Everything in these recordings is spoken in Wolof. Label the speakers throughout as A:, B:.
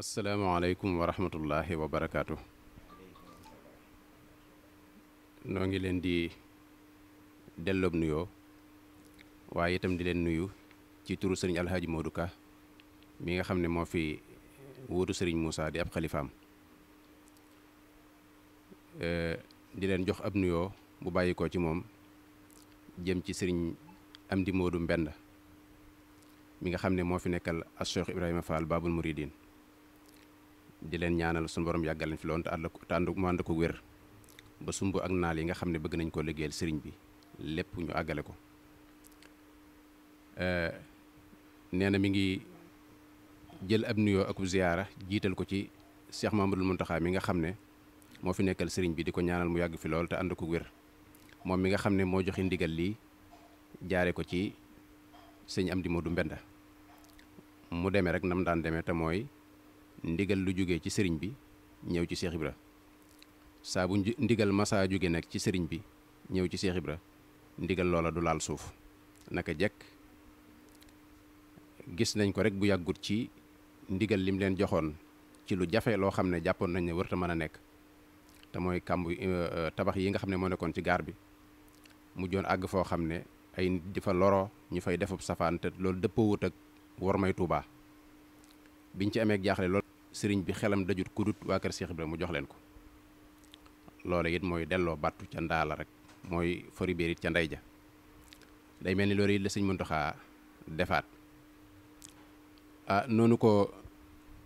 A: asalaamaaleykum wa rahmatullahi wa barakaatu. noo ngi leen di delloob nuyoo waaye itam di leen nuyu ci turu sëriñ Alhaji Modou Ka mi nga xam ne moo fi wóotu sëriñ Moussa di ab xalifaam eh, di leen jox ab nuyoo bu bàyyikoo ci moom jëm ci sëriñ Amdi Modou mbenn mi nga xam ne moo fi nekkal as Cheikh Ibrahima Fall Babul Mouridine di leen ñaanal suñu borom yàggal leen fi loon te ànd te ànd mu ànd ko wér ba sumb ak naal yi nga xam ne bëgg nañ koo liggéeyal sëriñ bi lépp ñu àggale ko eh, nee na mi ngi jël ab nuyoo ak ziyaara jiital ko ci Cheikh Mamadou Mountakha mi nga xam ne moo fi nekkal sëriñ bi di ko ñaanal mu yàgg fi lool te ànd ko wér moom mi nga xam ne moo joxe ndigal li jaare ko ci sëñ Amdi Modou Mbenda mu demee rek nam daan demee te mooy. ndigal lu jóge ci sëriñ bi ñëw ci Cheikh Ibra saa bu ndigal masaa jóge nag ci sëriñ bi ñëw ci Cheikh Ibra ndigal loola du laal suuf naka jekk gis nañ ko rek bu yàggut ci ndigal lim leen joxoon ci lu jafe loo xam ne jàppoon nañ ne warta mën a nekk te mooy kàmb e, e, tabax yi nga xam ne moo nekkoon ci gaar bi mu mujjoon àgg foo xam ne ay di fa loro ñu fay defub safaan te loolu dëppawut ak war may Tuubaa biñ ci amee jaaxle lool sëriñ bi xelam dajut kudut waa kër Cheikh Ibrahima mu jox leen ko loolu it mooy delloo battu ca ndaala rek mooy fori biir it ca ndey ja day mel ni loolu it la sëñ Muntaxa defaat ah, noonu ko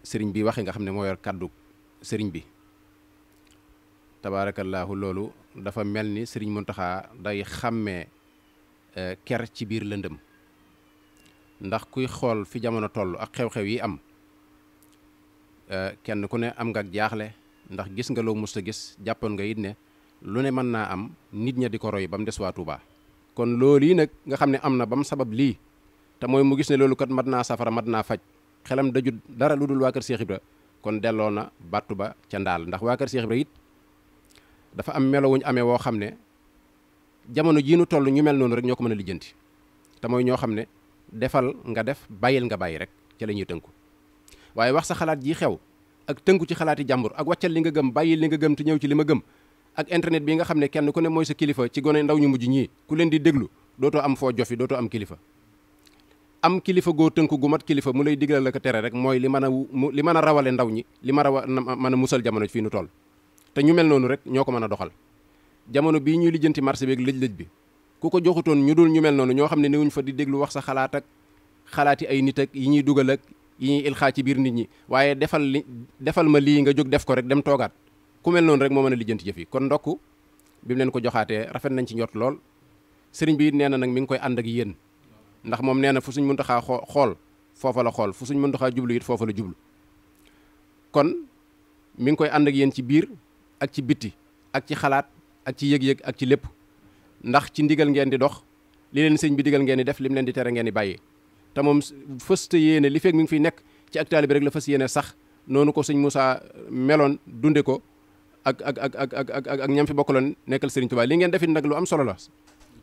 A: sëriñ bi waxe nga xam ne moo yor kàddu sëriñ bi tabaarakallaahu loolu dafa mel ni sëriñ Muntaxa day xàmmee eh, ker ci biir lëndëm ndax kuy xool fi jamono toll ak xew-xew yi am kenn ku ne am nga ak jaaxle ndax gis nga loo musta gis jàppoon nga it ne lu ne mën naa am nit ña di ko roy ba mu des waa Touba. kon loolu yi nag nga xam ne am na ba mu sabab lii te mooy mu gis ne loolu kat mat naa safara mat naa faj xelam daju dara lu dul waa kër Cheikh kon delloo na baatu ba ca ndaal ndax waa kër Cheikh Ibra dafa am melo wuñ amee woo xam ne jamono jii nu toll ñu mel noonu rek ñoo ko mën a lijjanti te mooy ñoo xam ne defal nga def bàyyil nga bàyyi rek ca la tënku. waaye wax sa xalaat ji xew ak tënku ci xalaati jàmbur ak wàccal li nga gëm bàyyi li nga gëm te ñëw ci li ma gëm ak internet bi nga xam ne kenn ku ne mooy sa kilifa ci gone ndaw ñu mujj ñii ku leen di déglu dootoo am foo jofi dootoo am kilifa am kilifa goo tënku gu mat kilifa mu lay digal la ko tere rek mooy li mën a mu li mën a rawale ndaw ñi li ma rawa mën a musal jamono fii nu toll te ñu mel noonu rek ñoo ko mën a doxal jamono bii ñuy lijjanti marché beeg lëj-lëj bi ku ko ñu dul ñu mel noonu ñoo xam ne newuñ fa di déglu wax sa xalaat xalaati ay nit ak yi ñuy dugal ak yi ñuy ilxaa ci biir nit ñi waaye defal li defal ma lii nga jóg def ko rek dem toogaat ku mel noonu rek moo mën a lijjanti jëf kon ndokk bi mu leen ko joxaatee rafet nañ ci njot lool sëriñ bi nee na nag mi ngi koy ànd ak yéen ndax moom nee na fu suñ muntaxaa xool foofa la xool fu suñ xaa jublu it foofa la jublu kon mi ngi koy ànd ak yéen ci biir ak ci bitti ak ci xalaat ak ci yëg-yëg ak ci lépp ndax ci ndigal ngeen di dox li leen sëñ bi digal ngeen di def lim leen di tere ngeen di bàyyi te moom fësta yéene li fekk mi ngi fiy nekk ci ak taalibe rek la fës yéene sax noonu ko sëñ Moussa meloon dunde ko ak ak ak ak ak ak ñam fi bokkaloon nekkal sëriñ Tuubaa li ngeen defit nag lu am solo la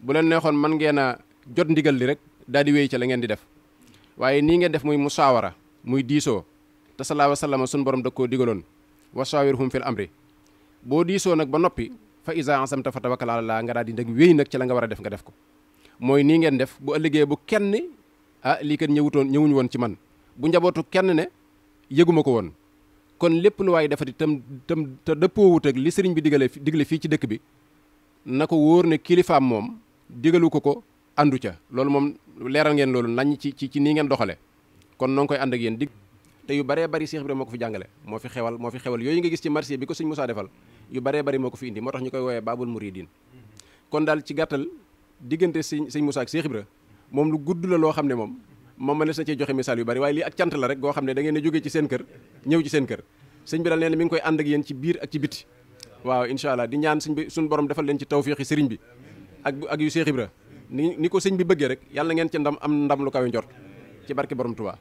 A: bu leen neexoon man ngeen a jot ndigal li rek daal di wéy ca la ngeen di def waaye nii ngeen def muy musaawara muy diisoo te salaawa salaama suñu borom da koo digaloon wasaawirhum fil amri boo diisoo nag ba noppi fa isa ansamta fa tawakkal ala nga daal di nag wéy nag ci la nga war a def nga def ko mooy nii ngeen def bu ëllëgee bu kenn ah lii kat ñëwutoon ñëwuñu woon ci man bu njabootu kenn ne yëguma ko woon kon lépp lu waaye defati tam tam te dëppoowut ak li sëriñ bi digale digle fii ci dëkk bi na ko wóor ne kilifaam moom digalu ko ko àndu ca loolu moom leeral ngeen loolu nañ ci ci ci nii ngeen doxale kon noon koy ànd ak yéen dig te yu baree bari Cheikh Ibrahima moo ko fi jàngale moo fi xewal moo fi xewal yooyu nga gis ci marché bi ko sëñ Moussa defal yu baree bari moo ko fi indi moo tax ñu koy woowee Babul Mouridine kon daal ci gàttal diggante sëñ sëñ Moussa ak Cheikh moom lu gudd la loo xam ne moom ma nes na cee joxe misaal yu bari waaye lii ak cant la rek goo xam ne da ngeen a jógee ci seen kër ñëw ci seen kër sëñ bi daal nee mi ngi koy ànd ak yéen ci biir ak ci biti waaw incha allah di ñaan suñ bi suñ borom defal leen ci tawféexi sëriñ bi ak ak yu Seex Ibra ni ko sëñ bi bëggee rek yàlla na ngeen ci ndam am ndam lu kawe njort ci barke borom Tuubaa